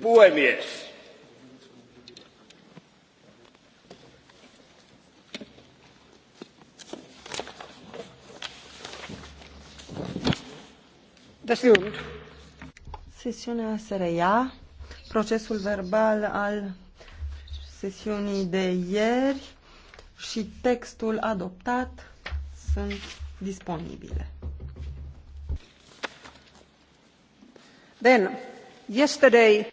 Puhemies. Sesiunea se reia. Procesul verbal al sesiunii de ieri și textul adoptat sunt disponibile. Then, yesterday